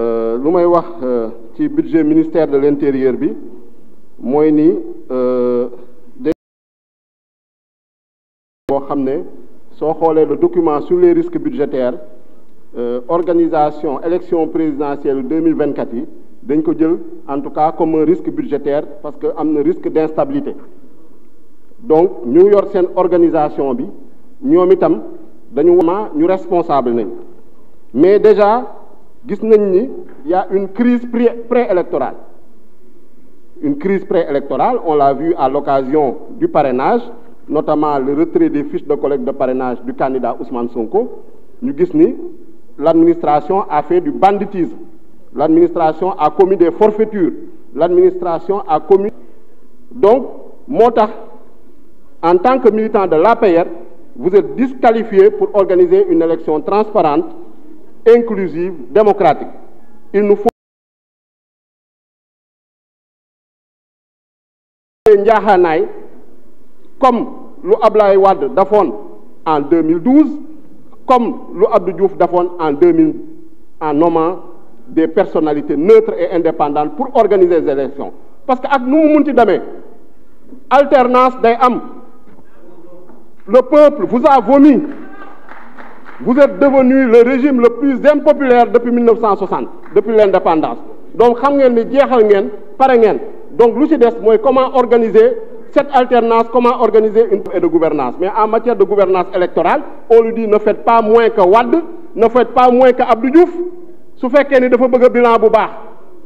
Euh, lu may wax euh, ci budget ministère de l'intérieur bi mooy ni euh, boo xam ne soo xoolee le document sur les risques budgétaires organisation élection présidentielle 2024 yi dañ ko jël en tout cas comme un risque budgétaire parce que am na risque d'instabilité donc ñu yor seen organisation bi ñoom itam dañu vraiment ñu responsable nañ mais déjà gis nañ ni y a une crise préélectorale une crise préélectorale on l'a vu à l'occasion du parrainage notamment le retrait des fiches de collecte de parrainage du candidat Ousmane Sonko ñu gis ni l'administration a fait du banditisme l'administration a commis des forfaitures l'administration a commis donc moo tax en tant que militant de la l'APR vous êtes disqualifié pour organiser une élection transparente inclusive, démocratique. Il comme lu Ablaye Wade dafoon en deux mille 2012 comme lu Abdou Diouf dafoon en deux mille en nommant des personnalités neutres et indépendantes pour organiser les élections parce que ak nu mu munti alternance day am le peuple vous a vomi vous êtes devenu le régime le plus impopulaire depuis 1960 depuis l'indépendance donc xam ngeen ni jeexal ngeen pare ngeen donc lu ci des mooy comment organiser cette alternance comment organiser une et de gouvernance mais en matière de gouvernance électorale on lui dit ne faites pas moins que Wade ne faites pas moins que Abdou Diouf su fekkee ni dafa bëgg a bilan bu baax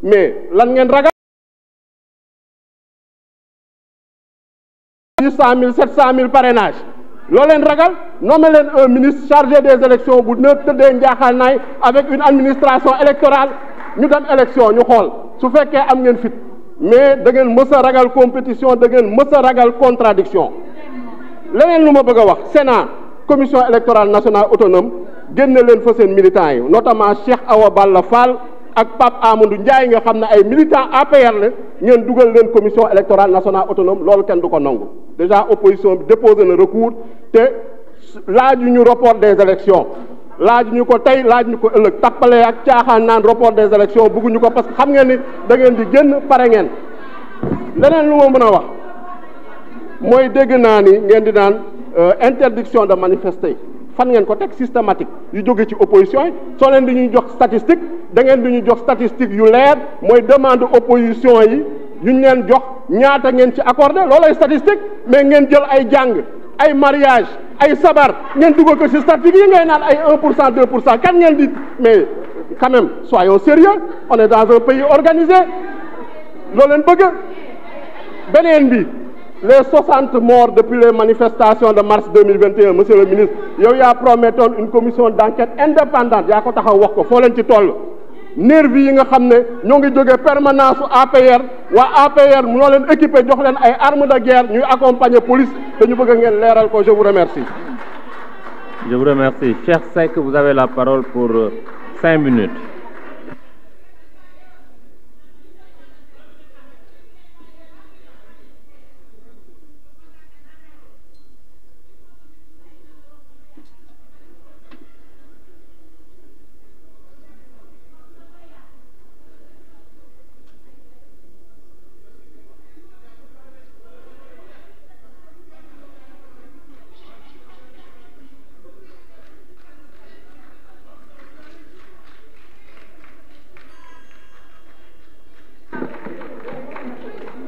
mais lan ngeen ragal huit cent mille sept cent mille parrainage loo leen ragal nommé leen un ministre chargé des élections bu ne tëddee njaaxal naay avec une administration électorale ñu dem élection ñu xool su fekkee am ngeen fit mais da ngeen mës a ragal compétition da ngeen mës a ragal contradiction leneen lu ma bëgg a wax Sénat commission électorale nationale autonome génne leen fa seen militants yi notamment Cheikh Awa Balla Fall ak Pape Amadou Ndiaye nga xam ne ay militants APR la ñeen dugal leen commission électorale nationale autonome loolu kenn du ko nangu déjà opposition bi déposé na recours te laaj yu ñu report des élections laaj ñu ko tey laaj ñu ko ëllëg tappale ak caaxaan naan report des élections bëgguñu ko parce que xam ngeen ni da ngeen di gën pare ngeen leneen lu ma mën a wax mooy dégg naa ni ngeen di naan euh, interdiction de manifester fan ngeen ko teg systématique yu jóge ci opposition yi soo leen di ñuy jox statistique da ngeen di ñu jox statistique yu leer mooy demande opposition yi yu ñu leen jox ñaata ngeen ci accordé loolay statistique mais ngeen jël ay jàng ay mariage ay sabar ngeen dugal ko ci statistique yi ngay naan ay 1 pour cent 2 pour cent kan ngeen di mais quand même soyons sérieux on est dans un pays organisé loolu leen bëgg beneen bi les 60 morts depuis les manifestations de mars 2021 monsieur le ministre yow yaa promettoon une commission d'enquête indépendante yaa ko taxaw wax ko foo leen ci tool nervi yi nga xam ne ñoo ngi jógee permanence su APR waa APR mu noo leen équipé jox leen ay armes de guerre ñuy accompagner police dañu ñu bëgg ngeen leeral ko je vous remercie. je vous remercie Cheikh Seck vous avez la parole pour euh, cinq minutes.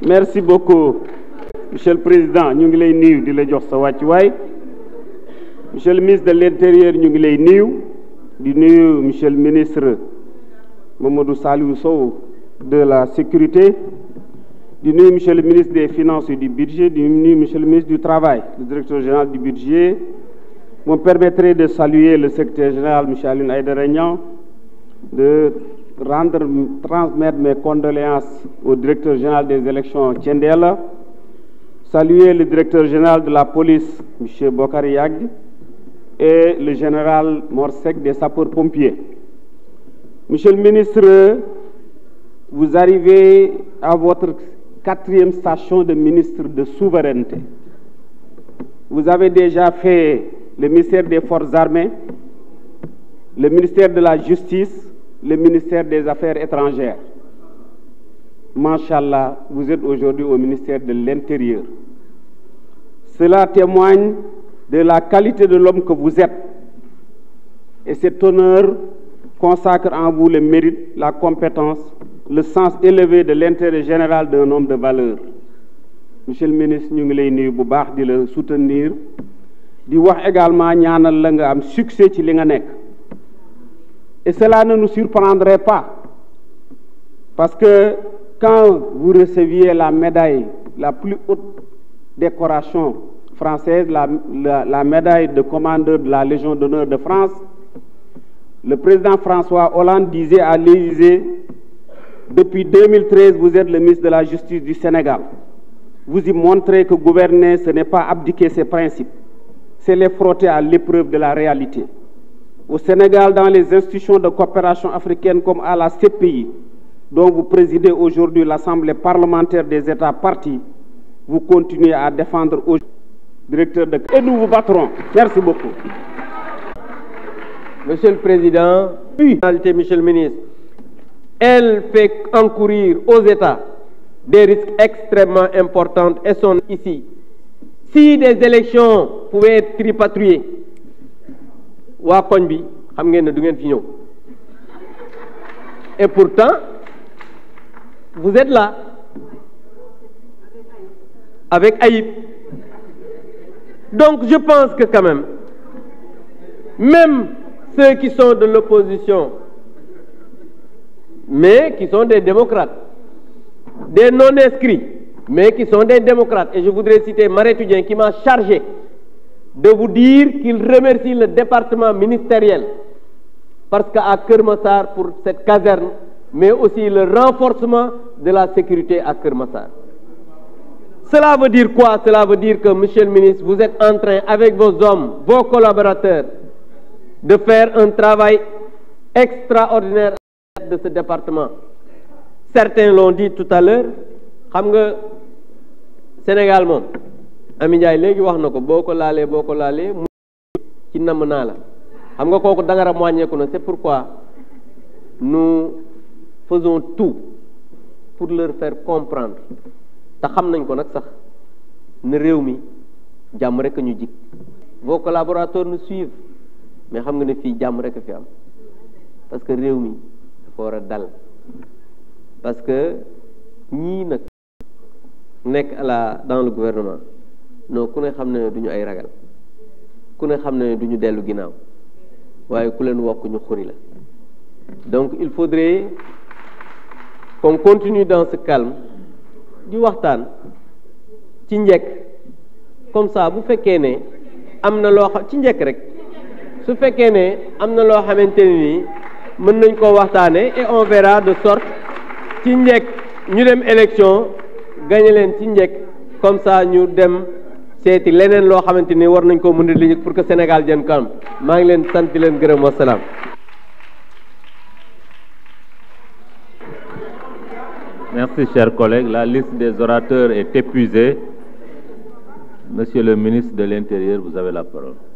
merci beaucoup monsieur le président ñu ngi lay nuyu di la jox sa wàccuwaay monsieur le ministre de l'intérieur ñu ngi lay nuyu di nuyu monsieur le ministre Mamadou Saliou Sow de la sécurité di nuyu monsieur le ministre des finances et du budget di nuyu le ministre du travail le directeur général du budget me permettrait de saluer le secrétaire général monsieur Alioune Aïdara Niang de rendre, transmettre mes condoléances au directeur général des élections, Tchendela, saluer le directeur général de la police, monsieur Bokari Yag, et le général Morsec des sapeurs-pompiers. Monsieur le ministre, vous arrivez à votre quatrième station de ministre de souveraineté. Vous avez déjà fait le ministère des Forces armées, le ministère de la Justice, le ministère des Affaires étrangères. Machallah, vous êtes aujourd'hui au ministère de l'Intérieur. Cela témoigne de la qualité de l'homme que vous êtes. Et cet honneur consacre en vous le mérite, la compétence, le sens élevé de l'intérêt général d'un homme de valeur. Monsieur le ministre ñu ngi lay nuyu bu baax di la soutenir di wax également ñaanal la nga am succès ci li nga nekk Et cela ne nous surprendrait pas, parce que quand vous receviez la médaille, la plus haute décoration française, la, la, la médaille de commandeur de la Légion d'honneur de France, le président François Hollande disait à l'Élysée, depuis 2013, vous êtes le ministre de la Justice du Sénégal. Vous y montrez que gouverner, ce n'est pas abdiquer ses principes, c'est les frotter à l'épreuve de la réalité. au Sénégal dans les institutions de coopération africaine comme à la CPI, dont vous présidez aujourd'hui l'Assemblée parlementaire des États partis, vous continuez à défendre au directeur de... Et nous vous battrons. Merci beaucoup. Monsieur le Président, oui. Monsieur le Ministre, elle fait encourir aux États des risques extrêmement importants et sont ici. Si des élections pouvaient être tripatriées, waa koñ bi xam ngeen ne du ngeen fi ñëw et pourtant vous êtes la avec Aïb donc je pense que quand même même ceux qui sont de l'opposition mais qui sont des démocrates des non-inscrits mais qui sont des démocrates et je voudrais citer Marie Tudien qui m'a chargé de vous dire qu'il remercie le département ministériel parce que à Kermassar pour cette caserne, mais aussi le renforcement de la sécurité à Kermassar. Cela veut dire quoi Cela veut dire que, monsieur le ministre, vous êtes en train, avec vos hommes, vos collaborateurs, de faire un travail extraordinaire de ce département. Certains l'ont dit tout à l'heure, Sénégal, Ami Ndiaye léegi wax na ko boo ko laalee boo ko laalee mu ci namm naa la xam nga kooku dangaram wàññeeku na c'est pourquoi nous faisons tout pour leur faire comprendre te xam nañ ko nag sax ne réew mi jàmm rek ñu jig vos collaborateurs nous suivent mais xam nga ne fii jàmm rek fi am parce que réew mi dafa a dal parce que ñii nag nekk à la dans le gouvernement non ku ne xam ne du ñu ay ragal ku ne xam ne du ñu dellu ginnaaw waaye ku leen wokk ñu xuri la donc il faudrait qu'on continue dans ce calme di waxtaan ci njekk comme saa bu fekkee ne am na loo xam ci njekk rek su fekkee ne am na loo xamante ne nii mën nañ koo waxtaanee et on de sorte ci njekk ñu dem élection gagné leen ci njekk comme saa ñu dem seeti leneen loo xamante ni war nañ koo mën a liggéey pour que Sénégal jëm kanam maa ngi leen sant di leen gërëm wasalaam. Merci, La liste des orateurs est épuisée. Monsieur le ministre de l'Intérieur, vous avez la parole.